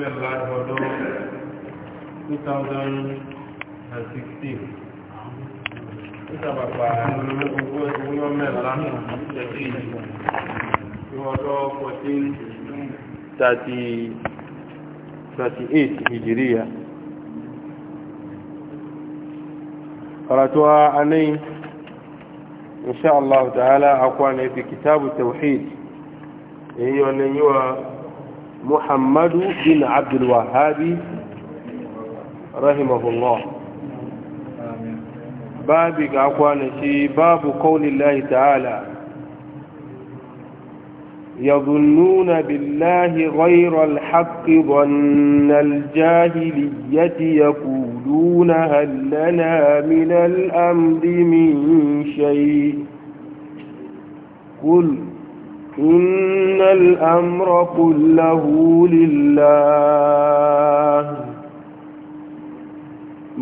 Mẹ́bàá ọdọ́ 2016. Ìsàbàpà ogún ọjọ́ mẹ́rànlá ẹ̀kí ọdọ́ 1438 Hijiriya. Karatuwa a nai, insha Allah ta'ala, akwa na fi kitabu Tauhid, èyí ọ̀nà yíwa محمد بن عبد الوهاب رحمه الله بابك أقوان باب قول الله تعالى يظنون بالله غير الحق ظن الجاهلية يقولون هل لنا من الأمر من شيء قل إن الأمر كله لله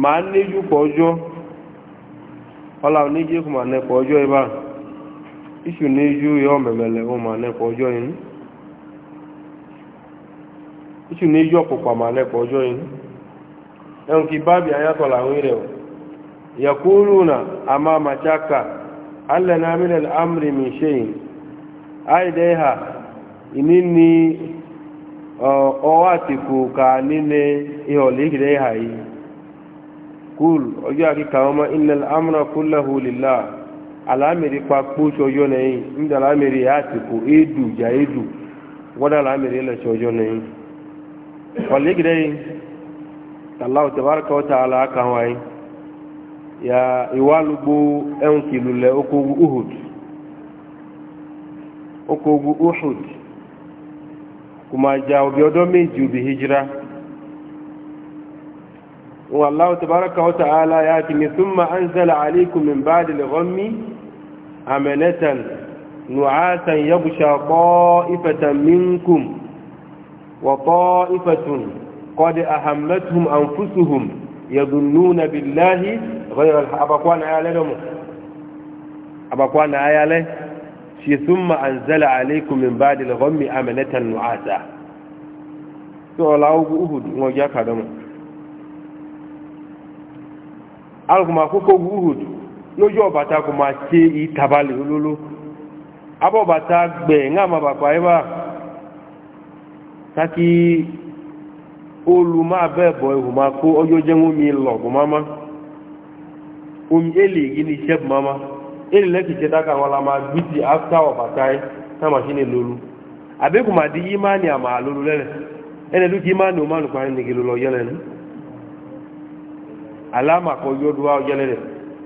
máa níjú pọ̀jọ́ ọlá oníjí kò máa nẹ́pọ̀ ọjọ́ ibá ìṣù níjú yọ mẹ̀mẹ̀lẹ̀ o máa nẹ́pọ̀ ọjọ́ inú ìṣù níjú ọ̀pọ̀pọ̀ máa nẹ́pọ̀ ọjọ́ inú ẹ̀hùn kí bábí ayátọ̀ làwọn ilẹ̀ o yẹ̀kúrú náà a máa màcháka alẹ́ náà mílẹ̀ amúrìmì ṣe yìí aide ha inini ọwatiku ka nile iholigide ha yi kul ọjọ́ akíkà ọmọ ilẹ̀ amúra kúlẹ̀hù lílá alámìrí pa kpóṣọ ọjọ́ nẹ́yìn níbi alámìrí àtìkù édù jà édù wọ́dà alámìrí lẹ́ṣọ ọjọ́ nẹ́yìn ọ̀lẹ́gidẹ́ yìí tàlá òtẹ̀báraka ọ̀tà aláàkà wáyé ya ìwálùgbò ẹ̀hùn kìlù lẹ́ okòwò uhud oko ogun uhud kuma ja obi ọdọ méjì obi hijira wọn aláwọ̀ tabaraka wa ta'ala ya ti ni súnmà an zala alaikum min ba da lagommi amenatan nu'atan ya busha ƙo'ifatan minkum wa ƙo'ifatun قد أهمتهم أنفسهم يظنون بالله غير الحق أبقوان آيالي لهم أبقوان آيالي shi thumma anzala alaykum min ba'di al-ghammi amanatan nu'asa to lawo bu uhud ngo ja ka dama al kuma ko ko uhud lojo bata kuma ti itabali lulu abo bata gbe nga ma ba pa iba e taki olu ma be bo ihu e ma ko ojo je ngo mi lo bu mama um ele gini sheb mama ele ki cheta ka wala ma gbiti afta wa bakai ta machine lulu abe kuma di imani ama lulu lele ene du ki imani o manu kwa ni ki lulu yele ne alama ko yodwa yele ne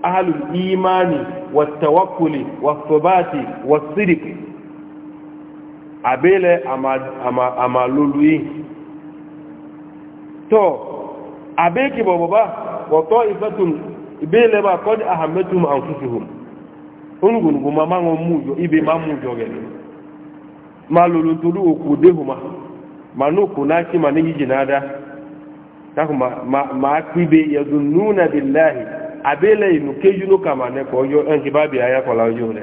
ahlul imani wat tawakkuli was sabati was abele ama ama ama lulu yi to abe ki bobo ba wa ta'ifatun ibele ba qad ahammatuhum anfusuhum onugunugu ma ma ŋɔ mu jɔ ibe ma mu jɔ gɛ ma lolo tolu oku dehu ma ma no ko na si ma ne yiji na da tako ma ma ma akpibe yadu nuna bilahi abe la inu keju no kama ne ko ɔjɔ ɛnke ba bi aya kɔla ɔjɔ lɛ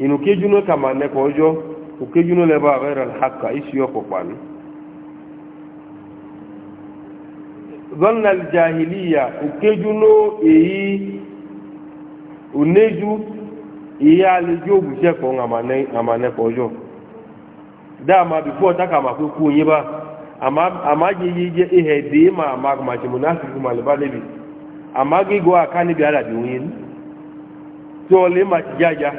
inu keju no kama ne ko haka isi yɔ kɔkpa ni. zɔnna jahiliya o keju no eyi ìyá alẹ́ yóò bù sẹ́kọ̀ọ́ àmànẹ́kọ̀ọ́ ọjọ́ dáàmà bí fún ọ̀tá kàmà pé kú yín bá àmà yíyí jẹ́ ihẹ̀ dé mà àmà màṣẹ̀mù náà sì fún màlúbá níbi àmà gígọ́ àká níbi àdàbí òun yín tí ọ lè má ti jájá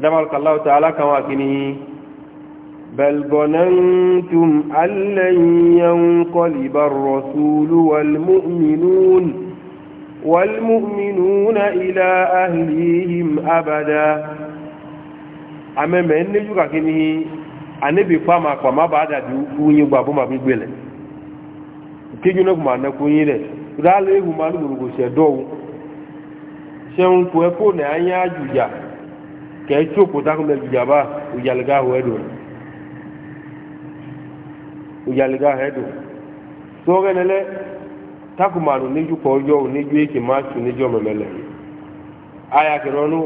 dáàmà kàláwọ̀ tá alákàwọn àkíní بل ظننتم أن لن ينقلب الرسول والمؤمنون والمؤمنون إلى أهليهم أبدا أما من نجوك كنه أنبي فما فما بعد دوني بابو ما في بيلة كيجو نكما نكوني لك rálẹ̀ ehù máa ní gbogbo ṣẹ̀dọ́ ohun ṣẹun kò ẹ fóònù ayé àjùjà kẹ́ẹ́ tí òkú tákùnlẹ̀ jùjà bá òjàlẹ̀gá ẹ̀dùn òjàlẹ̀gá ẹ̀dùn tó takumaru níjú kọ ọjọ́ níjú èkè máàtù níjọ́ mẹ́mẹ́lẹ̀ ayàkìrọ̀nù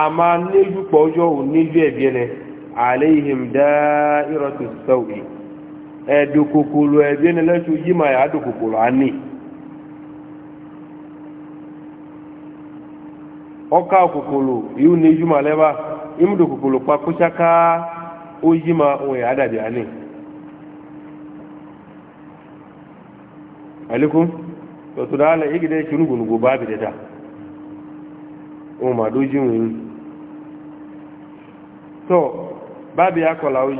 a máa níjú kọ ọjọ́ níjú ẹ̀bí ẹnẹ àlẹ́yìn edukukulu sáwì ẹ̀dùkùkùlù ẹ̀bí ẹnẹ ya yíma yà dùkùkùlù àní ọkà kùkùlù yíò yi ma òun yà dàbí àní alikun tọ̀tù dáálẹ̀ igide ṣunúgbùnugbò bá bìí dẹ́ta ma mà dójú òun tọ́ bábí akọ̀lá o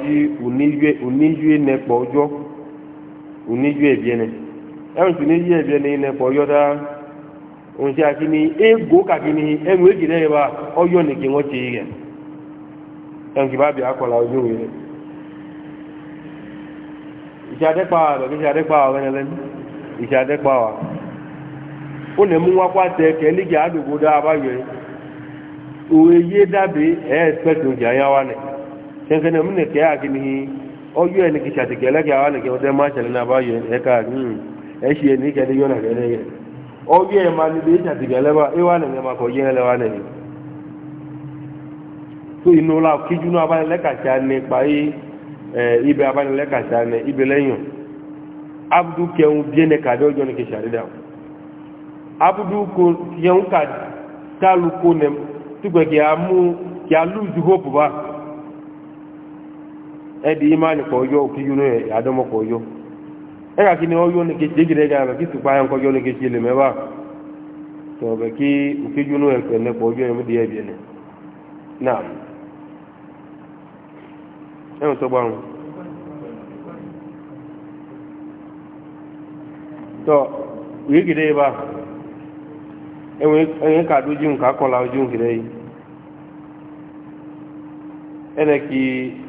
oníjú ẹnẹpọ̀ ọjọ́ oníjú ẹ̀bí ẹnẹ ẹ̀rùn tún níjú ẹ̀bí ẹnẹ ẹnẹpọ̀ ọjọ́ tá òun ṣe àkíní égbò kàkíní ẹ̀rùn èjì wa ọyọ́ nìkí won ti rẹ̀ ẹnkìbábì akọ̀lá ojú wèrè ìṣàdẹ́pàá lọ́dún ẹlẹ́ni ọjọ́ ẹni kì ṣàtìkẹ́ lẹ́kẹ́ àwa nìkẹ́ ọdẹ má ṣẹlẹ̀ náà abáyọ̀ ẹ̀ka hmm, ẹ̀ṣì ẹni kẹ́lẹ́ yọ̀nà kẹ́lẹ́ yẹ ọjọ́ ẹ̀ máa níbi ṣàtìkẹ́ lẹ́wà ẹ̀wà máa kọ̀ yẹ́ ẹlẹ́wà tó inú la kíjú náà abánilẹ́kàṣà ní parí ibẹ̀ abánilẹ́kàṣà ní ibẹ̀ lẹ́yìn abudu kẹun bíẹ́nẹ kàdé ọjọ́ ní kẹsà dídá abudu kẹun kà tálu kó nẹ túgbẹ̀ kí a mú kí a lùzù hópù bá ẹ̀dì imáni kọ̀ ọjọ́ kíjú náà àdọ́mọ kọ̀ ọjọ́ ẹ̀ka kí ni ọjọ́ ní kẹsì dégìdẹ́ gà kí tùpá yẹn kọjọ́ ní kẹsì lè mẹ́wà tọ̀bẹ̀ kí òkèjú náà ẹ̀kẹ́ nẹ́kọ̀ ọjọ́ ẹ̀mú díẹ̀ bìẹ́nẹ̀ náà ẹ̀hùn tó gbọ́rùn tọ́ wíì kìdé yìí bá ẹ̀hùn kàdú jíun kàkọ́lá jíun kìdé yìí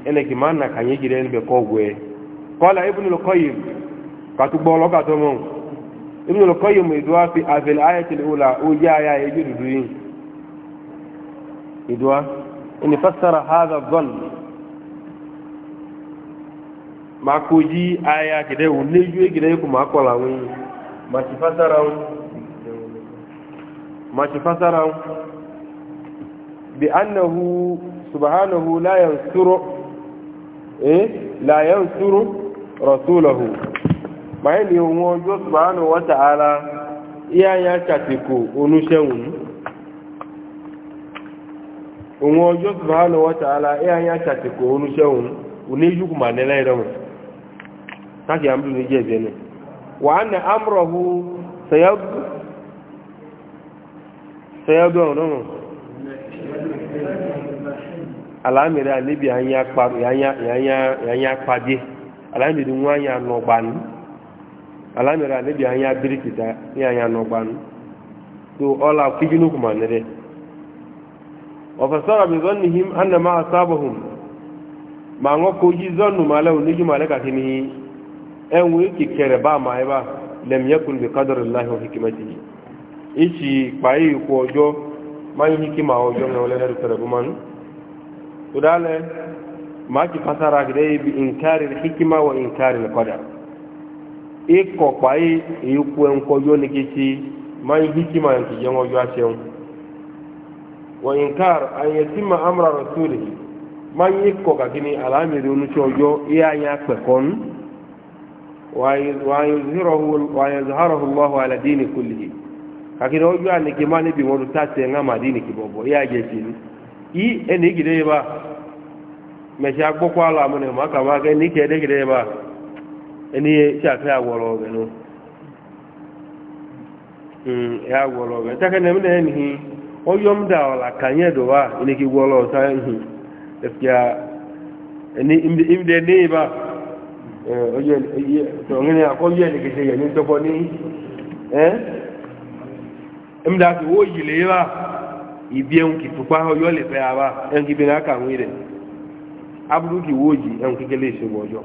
ẹnẹ̀kì máa nà kàyé kìdé ẹni kọ́ ọ̀gbọ̀ ẹ̀ kọ́lá ibùdó lọ́kọ́ yìí kàtúgbọ́ ọlọ́kàtọ́ mọ́ fi haza ji aya kide uneju kide ku makola wi machifasara machifasara bi annahu subhanahu la yansuru eh la yansuru rasulahu bayani won jo subhanahu wa ta'ala iya ya chatiko onuseun òun ọjọ́ subhanahu wa ta'ala ẹ̀yà yà ṣàtìkò oníṣẹ́ òun oníyùkùmà nílẹ̀ ìrọ̀mù taki amdu ni jebe ne wa anna amrahu sayab sayab do no alamira anibi anya pa anya anya anya nwa anya no gban alamira anibi anya birikita ya anya no gban to ola kijinu kuma ne de وفسر بظنهم أن enwe kikere ba ma eba lam yakun bi qadri llahi wa hikmatihi ichi pai ko ojo ma yi hikima ojo na wala heru tere buman to dale ma ki fasara gide bi inkari al hikma wa inkari al qadar iko pai iku en ko yo ni kichi hikima en ki yango yo aseun wa inkar ma yi ko ka gini alamiri onu ti ojo ويظهره الله على دين كله kakiri ojú ànìkì máa níbi wọn tó tàṣẹ ńlá màdí nìkì bọ̀bọ̀ yá ya sí ní i ẹni ìgìdẹ́ yẹ bá mẹ̀ṣẹ́ agbọ́kọ́ àlọ́ àmúnẹ̀ màkà máa kẹ́ ní kẹ́ ẹ̀dẹ́gìdẹ́ yẹ bá ẹni ṣàfẹ́ àwọ̀rọ̀ ọ̀gẹ̀ nù ẹ̀ àwọ̀rọ̀ ọ̀gẹ̀ tẹ́kẹ́ nẹ́mí náà ẹni ọyọ́ ń dà ọ̀là kànyẹ́ dọ̀wà b'a ọ̀rẹ́ni àkọ́yẹ́ ẹnìkẹ̀ṣẹ̀ yẹ̀ ní tọ́kọ ní ẹmdàkì ó yìlẹ̀ yíra ìbí ẹun kì tùpá ọyọ́ lè fẹ́ ara ẹn kí bẹ̀rẹ̀ àkàwé rẹ̀ abúrúkì wó yìí ẹun kékeré ìṣòwò ọjọ́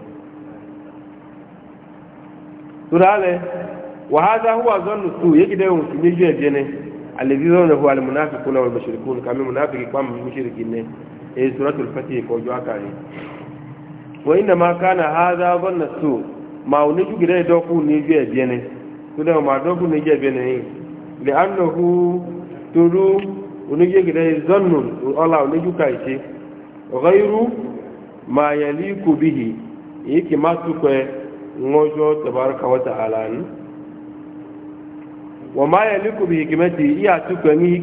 tó dáálẹ̀ wàhálà hùwà zọ́nù tó yékìdẹ́ ohun sí méjì ẹ̀jẹ̀ ni àlèbí zọ́nù hùwà lè múnáfíkún náà wọ́n bẹ̀ṣẹ̀rẹ̀kún kàmí múnáfíkún pàm múṣẹ̀rẹ̀kì ní èyí sọ́rọ́tò fẹ́tì ìkọjọ́ àkàrí wa inna ma kana hadha dhanna su ma uni jugire doku ni bi ebiene to da ma doku ni je ebiene li annahu turu uni jugire zannu ala uni jukaiti ghayru ma yaliku bihi yiki masu kwe ngojo tabaraka wa ta'ala wa ma yaliku bi hikimati iya tukwe ni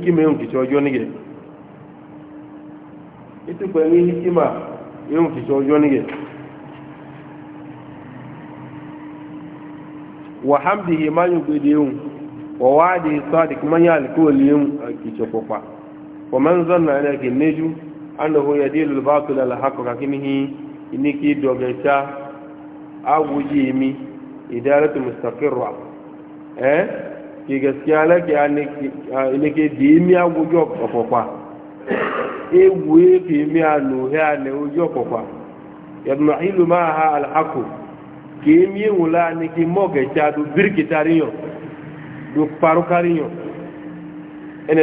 وحمده ما يبديهم ووعده صادق من يالكول يوم كيشوكوفا ومن ظن عليك النجو أنه يدير الباطل الحق لكنه إنك دوغيشا أو جيمي إدارة مستقرة eh ki gaskiya lake a nake dimi a guji ọkọkwa ewu efe mi a nuhe a na oji ọkọkwa yadda ilu ma ha alhaku kìí mi wùlá ni kí mọ́gẹ̀ẹ́ta du bíríkìtari yàn du parukari yàn ẹnẹ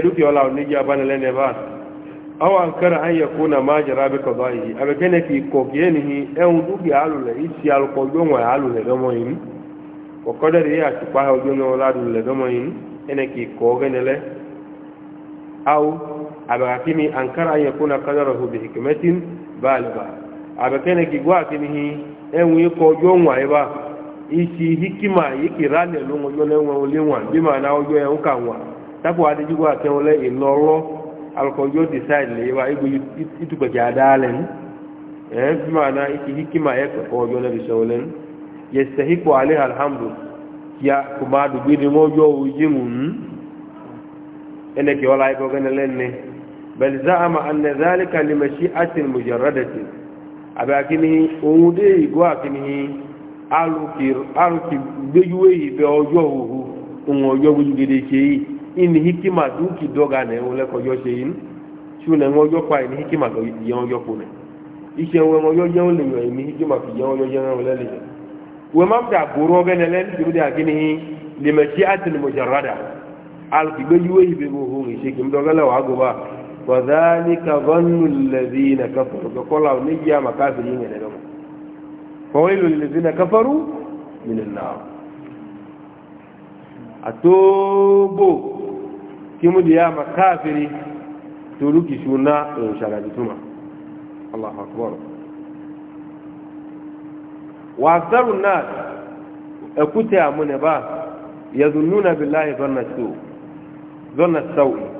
na máa jẹ́ra bí kọ̀dọ̀ yìí abẹ́kẹ́nẹ́ kì í kọ̀ kí ẹni hi ẹ̀hún dúkìá alùlẹ̀ ìtì alùkọ̀ yi wọn alùlẹ̀ dọ́mọ́ yìí kọ̀kọ́dẹ̀ rí àtìpá ọjọ́ wọn alùlẹ̀ dọ́mọ́ yìí ẹnẹ kì í kọ̀ enwe ka ọjọọ nwa ebe a isi hikima ikira na-elu ọjọọ na enwe ole ma na ọjọọ ya nka nwa tapụ adịjigwa akeole ịlọrọ alụkọjọọ disaịd na ebe igwe itukpecha adaala ee dị ma na isi hikima ya ọjọọ na bisa ole kuma ọjọọ àbí akíní ohun dé ìgó àkíní alùkì gbéjúwé ìbẹ ọjọ́ òhù ohun ọjọ́ gbójúgede ṣe yìí ìní hikima dúkì dọ́gà nẹ̀ ń lẹ́kọ̀ọ́jọ́ ṣe yìí ṣù nẹ̀ ń ọjọ́ pa ìní hikima yẹn ọjọ́ kù nẹ̀ iṣẹ́ wọn ọjọ́ jẹ́ ó lè yọ ìní hikima fi yẹn ọjọ́ jẹ́ ń lẹ́lẹ̀ yẹn wọ́n máa ń وذلك ظن الذين كفروا فقل او نجي ما كافرين فويل للذين كفروا من النار اتوبوا كم دي ما كافري تركي شنا ان شغلتما الله اكبر واكثر الناس اكوتي امنه يظنون بالله ظن السوء ظن السوء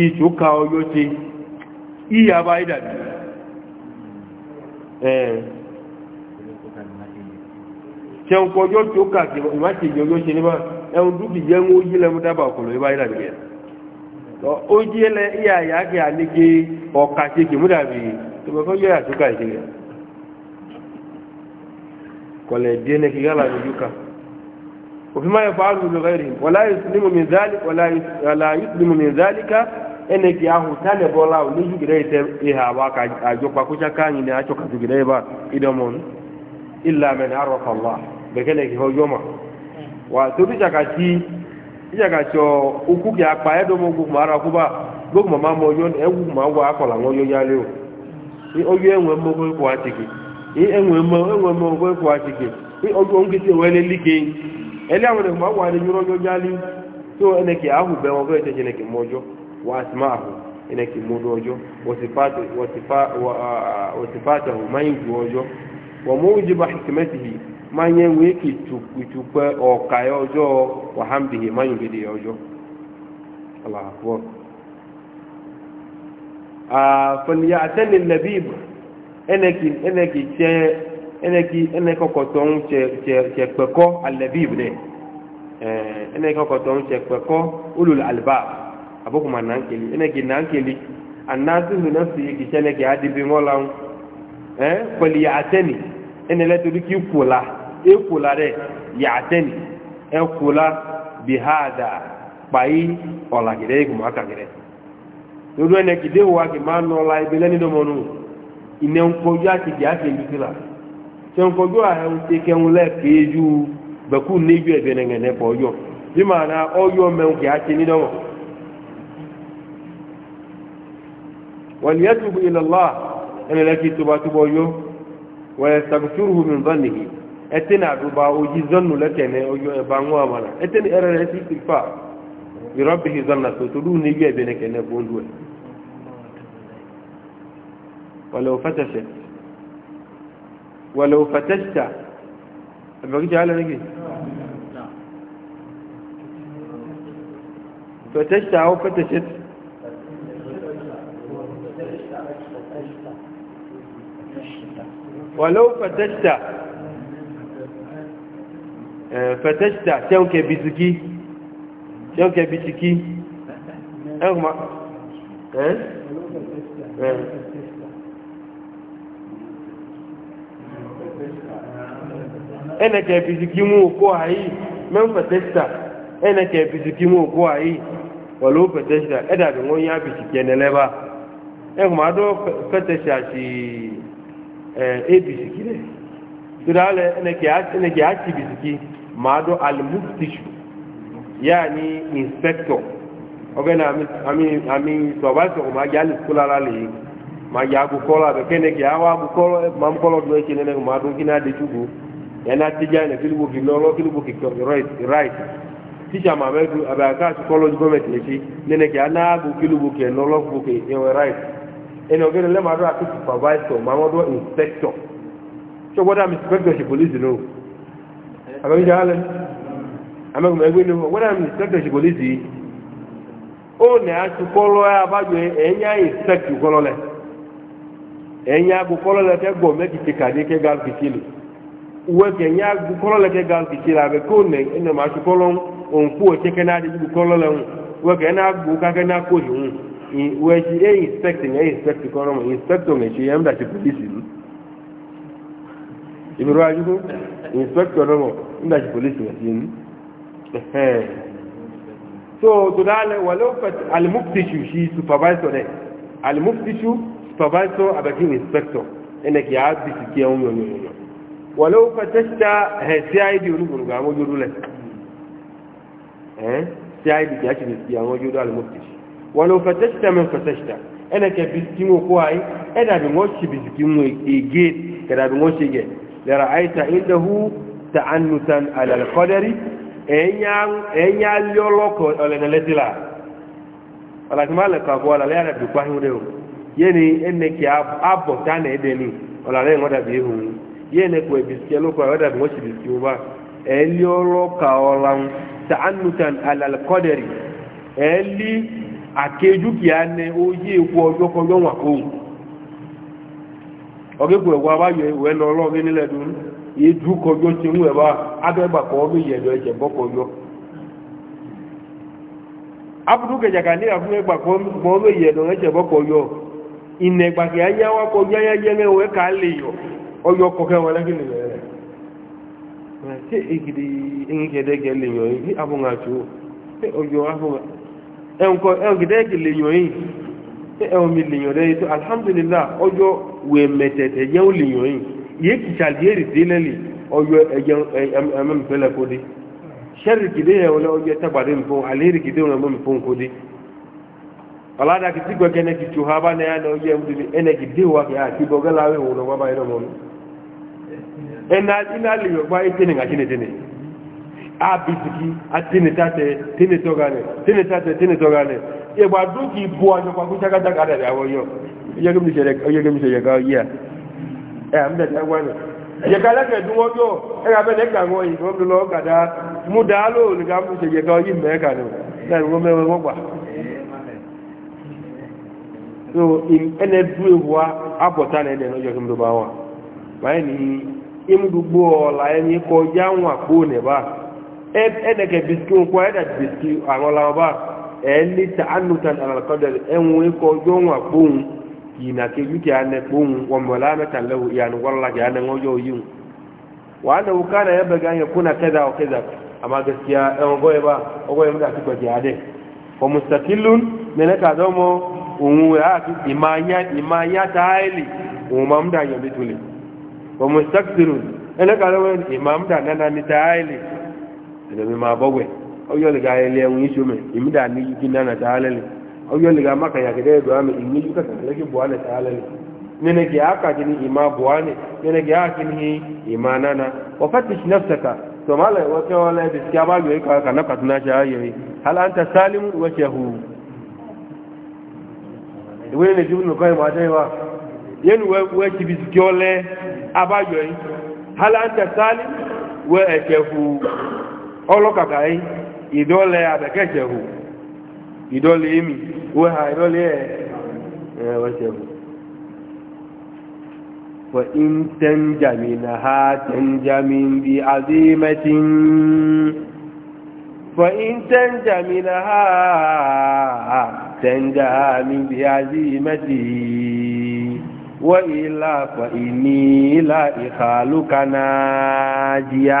ìtòkà ọyọ́ ti ìyà bá ìdàdì ṣẹun kọjọ́ tó kà kí ìmáṣèjì ọyọ́ ṣe níbà ẹun dúkì jẹ́ ń ó yí lẹ́mú dábà ọkùnrin ìbá ìdàdì rẹ̀ ó jí ẹlẹ́ ìyà ìyà kí a nígbé ọkà ṣe kì mú dàbí tó bẹ́ fẹ́ yọ àtúkà ìṣe rẹ̀ kọlẹ̀ díẹ̀ ní kí eneki ahụ ta nebụla ahụ ihe agba ka ajụkwa ka anyị na achọ kazugide ebe a idomon illa men bekee na-egihe ọjọọ ma wa akpa edomogwu ma ara kwụba gbogbo ma ma oyo egwu ma agwa akọla nwa ya enwe enwe ma nyụrụ oyo ya leo so eneki be وأسماءه إنك مدوجو وصفاته, وصفاته ما ينجوجو وموجب حكمته ما ينويك تشوف أوكايوجو وحمده ما ينجديوجو الله أكبر آه فليعتني اللبيب إنك إنك تشيء eneki eneki ọkọtọ ń tse tse tse kpẹkọ alẹbi ibùdó ẹ eneki ọkọtọ ń tse kpẹkọ olùlọ alibaa. abokuma na nkeli eneke na nkeli anasihu nafsi kiseneke adibi ŋɔla ŋu ɛ e, ya yaatɛni ene lɛ tobi ki kola ekola dɛ yaatɛni ɛkola e bihaada kpayi ɔlaki dɛ ekuma kaki dɛ dodo eneke de wa kima nɔla ebe lɛ nidɔmɔ nu ine nkɔju ati di ake nduti la tɛ nkɔju ahɛ ŋu teke ŋu lɛ keju bɛku neju ɛbɛ nɛgɛ nɛ kɔjɔ bi maana ɔyɔ mɛ ŋu kɛ ati nidɔmɔ. وليتوب إلى الله إلى لكي تبا تبا يو ويستغفره من ظنه أتنا عبا أجي ظن لك أجي بانوا مانا أتنا أرى رأسي استغفاء بربه ظنه تدون نجي بينك نبون دوه ولو فتشت ولو فتشت أبقى جعل نجي فتشت أو فتشت walau fatashta eh, fatashta tẹ́ọ̀kẹ́ bisiki tẹ́ọ̀kẹ́ bisiki ẹ̀kùnmá ẹnẹ̀kẹ́ bisiki mú òkú àyí mẹ́m fatashta ẹnẹ̀kẹ́ bisiki mú òkú àyí walau fatashta ẹ̀dàbí wọ́n yá bisiki ẹnẹ̀lẹ́bá ẹ̀kùnmá eh, dọ́ fatashta sí i ebisiki dɛ tura alɛ ɛnɛkɛ atsi bisiki maa do alimuftishu yaani inspector ɔbɛnɛ ami ami ami sɔgɔ ma la le ma ya agukɔlɔ abɛ kɛnɛkɛ awa agukɔlɔ do nɛnɛ ma do kina de tsugu ki lɔlɔ ki ma mɛ du abɛ aka sukɔlɔ du gɔmɛti ɛtsi nɛnɛ kɛ ana agu kɛ lɔlɔ ẹni ọ̀gẹ́ni lẹ́màá dọ́ àti supervisor màá wọ́n dọ́ inspector tí ó inspector ṣe police nù àbẹ̀míjà alẹ́ àmẹ́gbẹ̀mẹ́ ẹgbẹ́ ni wọ́n gbọ́dọ̀ inspector ṣe police ó nà àti kọ́lọ́ abájọ ẹ̀yà inspect kọ́lọ́ ẹ̀yà agbó kọ́lọ́ lẹ̀ wee ci e inspecting e inspect kɔnɔmɔ inspector ŋa ci yɛn da ci polisi nu ibiru ajugu inspector nɔmɔ n da ci polisi ŋa ci so to da ale wale o fɛ alimuftisu si supervisor dɛ alimuftisu supervisor a inspector ɛnɛ k'i y'a bisi kiyɛn o ɲɔɲɔɲɔ wale o fɛ tɛsita ɛ cid olugorogo an ko juru lɛ ɛ cid k'i ولو فتشت من فتشت أنا كبسكين وكواي أنا بموش بسكين وإيجيت كذا بموش إيجيت لرأيت عنده تعنتا على القدر أي يلوك ولا نلتلا ولكن ما لك أقول لا أنا بقاهم ده yéni ene kì abọ̀ tánà ẹ̀dẹ̀ ni ọ̀làlẹ́ ìwọ́n dàbí ehun yéni kò ebìsí ẹlòkọ̀ ẹ̀wọ́n dàbí wọ́n sì bìsí wọn bá ẹ̀lí ọlọ́kà ọ̀làn tàánùtàn alàlùkọ́dẹ̀rì ẹ̀lí àkéjúkìá ní oyé epo ọjọ́ kọjọ́ wà kóhùn ọgẹ́kù ẹ̀wọ́ abáyọ ìwẹ́ lọ ọlọ́ọ̀gẹ́ nílẹ̀ dùn ìdú kọjọ́ ti ń wẹ̀bá abẹ́gbàkọ́ ọmọ ìyẹ̀dọ̀ ẹ̀jẹ̀ bọ́ kọjọ́ abudu kẹjàkà ní àfúnẹ́gbàkọ́ ọmọ ìyẹ̀dọ̀ ẹ̀jẹ̀ bọ́ kọjọ́ ìnẹ̀gbàkẹ́ ayáwá ká lè yọ ọyọ wọn ṣé lè yọ ẹ̀wùgídẹ́ ìkìlẹ̀ yọ̀yìn ẹ̀wùn mi lè yàn rẹ̀ tó alhamdulillah ọjọ́ wẹ̀ mẹ̀tẹ̀tẹ̀ yẹ́ ó lè yàn yìí yìí kì sàlìyèrè délẹ̀ lè ọjọ́ ẹ̀jẹ̀ ẹ̀mẹ́mìfẹ́lẹ̀ kó dé sẹ́rì kìdé ẹ̀wọ̀n lẹ́ ọjọ́ tàgbàdé mìfún kìdé dé ọ̀làdà kìtì gbẹ̀kẹ́ ha bá náà ọjọ́ abisiki atinitate tinitogane tinitate tinitogane egba duki bu anyo kwa kuchaka taka da yawo yo yege mi sere yege mi sere ka eh, ya e am da yawo ne ye kala ke duwo yo e eh, ga be ne ka ngo yi go lo ka da mu da lo ni ga mu sere ka yi me ka no na ngo me ngo kwa so in ene duwe wa abota na ene no yo kimdo ba wa ba ni imdu bo la eni ko janwa ko ne ba ẹnẹkẹ bisiki nkọ ẹdà bisiki àwọn làwọba ẹni ta anutan ẹnwó ikọ jọwọn akpọhun yìnyín akeju kí anẹ kpọhun wọmọlá mẹta lẹwọ ìyanu wọlọlá kí anẹ ńwọjọ yìí wàá nà wọká nà ẹbẹ gán kúnà kẹdà ọkẹdà àmà gẹsìkìá ẹwọn gọyẹ bá ọgọyẹ mẹta ti gbẹdì adẹ fọmùsàkìlún mẹlẹkà dọmọ ẹ̀dẹ̀mí máa bọ́gbẹ̀ ọyọ́lẹ̀gá ẹlẹ́ ẹ̀wọ̀n yìí ṣomẹ̀ ìmúdà ní yìí náà tààlẹ́lẹ̀ ọyọ́lẹ̀gá mákànyàkẹ́dẹ́ ẹ̀dọ́ àmì ìníjú kàtàkẹ́lẹ́kẹ́ buhari tààlẹ́lẹ̀ neneke aka kini ima buhari neneke aka kini nana ne ọlọ́kàkà yìí ìdọ́lẹ̀ àbẹ̀kẹ́ṣẹ̀hù ìdọ́lẹ̀ èmì wẹ́hà ìdọ́lẹ̀ ẹ̀wẹ̀ṣẹ̀hù fa'in tẹ́njami na ha tẹ́njami bí azímẹ́tín fa'in tẹ́njami na ha tẹ́njami bí azímẹ́tín wa'ila fa'ini la ìkàlùkà náà jíyà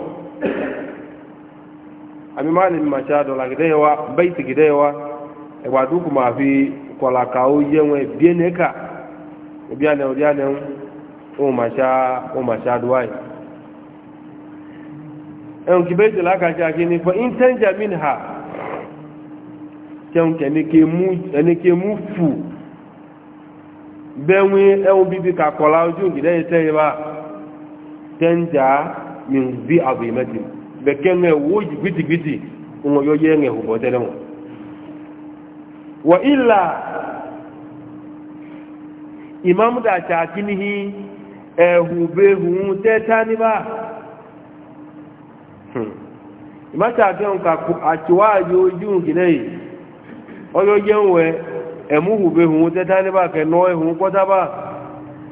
ami maa ni machado la gideye wa baiti gideye wa egba duku ma fi kola ka o ye wọn ebie ne ka obi ane obi ane ń o macha o la kàṣe akini for intenja min ha kẹun ẹni ke mu fu bẹ́ẹ̀ wí ẹ̀hún bíbí kakọ̀la ojú gideye sẹ́yìn min zi azimatin bɛ kɛŋɛ wo gbitigbiti ŋɔ yɔ yɛŋɛ hubɔ tɛ dɛmɔ illa imam da cakinihi ɛhu e teta niba. ba hmm. ima cakinihi ka atiwa yoju gine yi ɔyɔ yɛŋwɛ ɛmu e hu behu tɛtani ba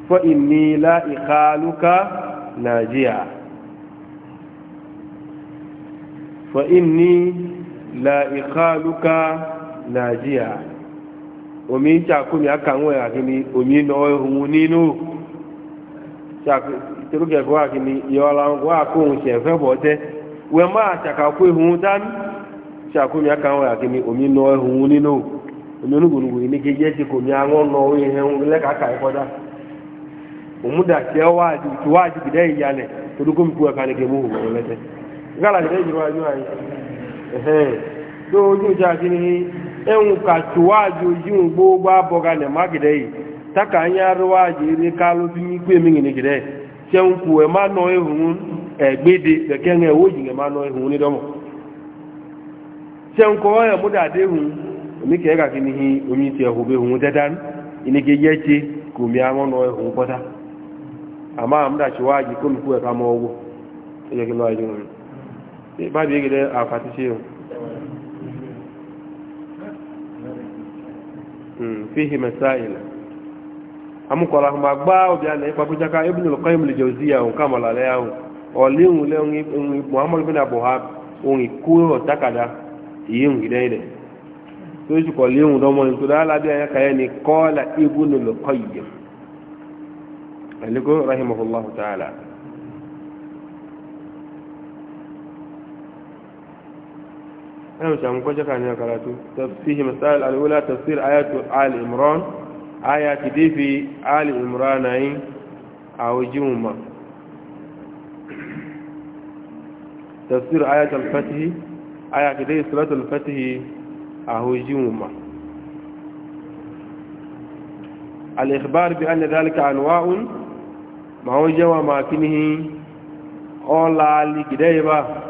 ba la fa inni la ikhaluka najiya omi aka nwe omi no ehun ninu chak tiruke ko akini yola fe bote we ma chaka ehun dan aka nwe akini omi no ninu omi onugunugu ni geje ti ko mi awon no ehun le ka ka ikoda omuda se wa ju bidai yale ko lete gala ṣe ìwájú ayé ẹ̀hẹ́n tó ojú ìjà kí ni ẹ̀hùn kàtúwájú ojú gbogbo ga nẹ̀ má gidẹ yìí taka anya arụwaji ire ka alụbi n'ikwe emeghi ne gidẹ ṣẹun kù ẹ̀ má nọ ehun ẹ̀gbẹ́dẹ kẹ̀kẹ́ ń ẹ̀wọ́ yìí ẹ̀ má hun ni hun mi ehun babu a fatishe yau fihi masail amukola ma gba obia na ipa bujaka ibn al-qayyim al-jawziya on kamala le yawo o le un le un muhammad bin abu hab un ku o takada yin gidaide le ka ni qala أنا مش عم كوجا كان يقرأتو تفسير مسائل الأولى تفسير آيات آل عمران آيات دي في آل عمران أين أو جمعة تفسير آيات الفتح آيات دي سورة الفتح أو جمعة الإخبار بأن ذلك أنواع ما هو جوا ما كنه أولا دايبا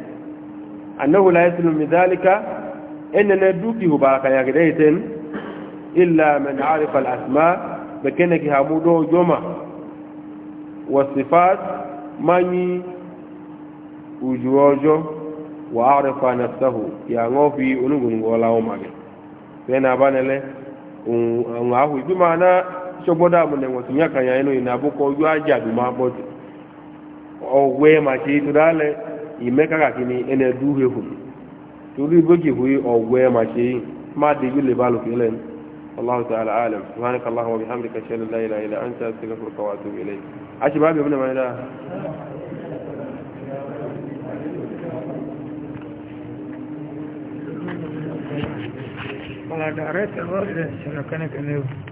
annahu la yaslu min dhalika enene duki hu baraka yagide iten illa man arifa al asma bekene ki hamudo joma wa sifat mani ujuojo wa arifa nafsahu ya ngofi unugun gola o mage bena banele un ahu bimana sogboda mu ne won tunya ya inu ina bu ko ju aja du ma ma ti tudale ìmẹ́ka kàkiri ẹni ẹdú hehu torí bókì hu ọ̀gbẹ́ ma ṣe má déjú lè bá lòkè lẹ́nu allahu ta'ala alam subhanaka allahumma wa bihamdika ashhadu an la ilaha illa anta astaghfiruka wa atubu ilayk ashi babu ibn majah Well, I directed residents in the Connecticut